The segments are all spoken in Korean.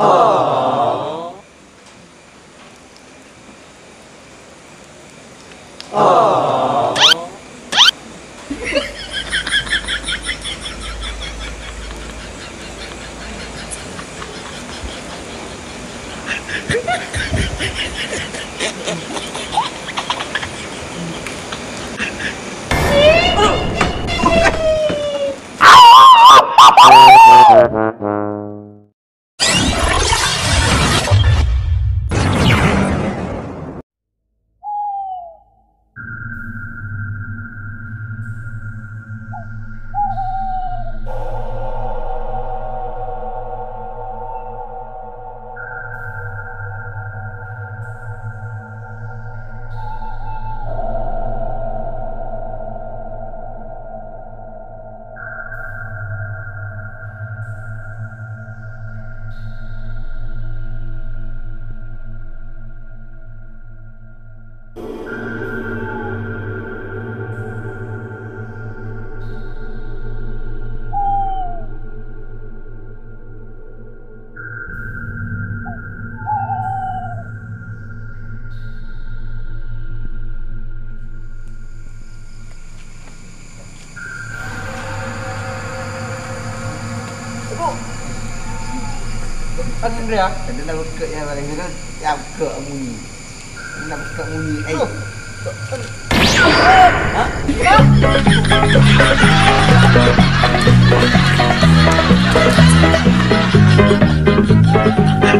아. 아. ăn Andrea. Andrea nak buka yang paling kena yang buka bunyi. Nak buka bunyi. Eh. Ha? Ha?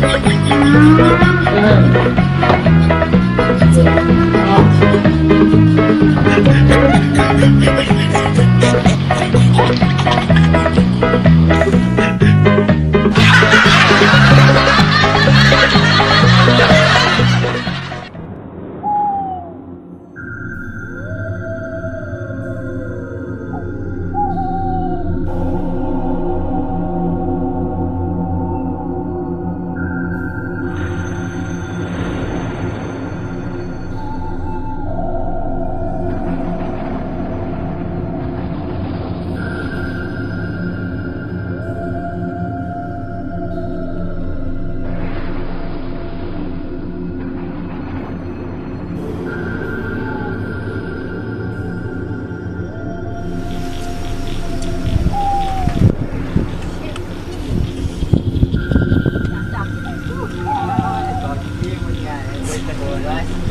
Thank you.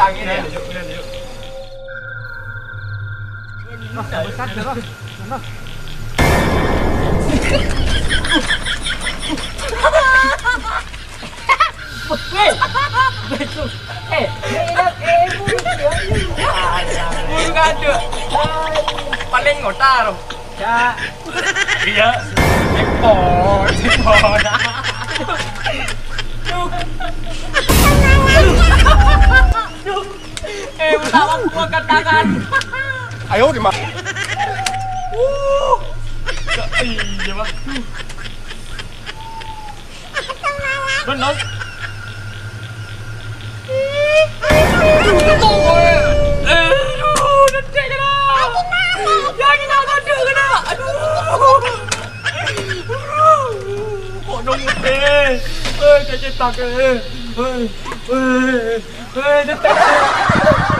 tangi ya. besar Paling ngotar. Ya. Iya. Ekor, ekor. eh utama gua katakan ayo di mak uh iya mak benar Kok n u n g g d i l a k e 对。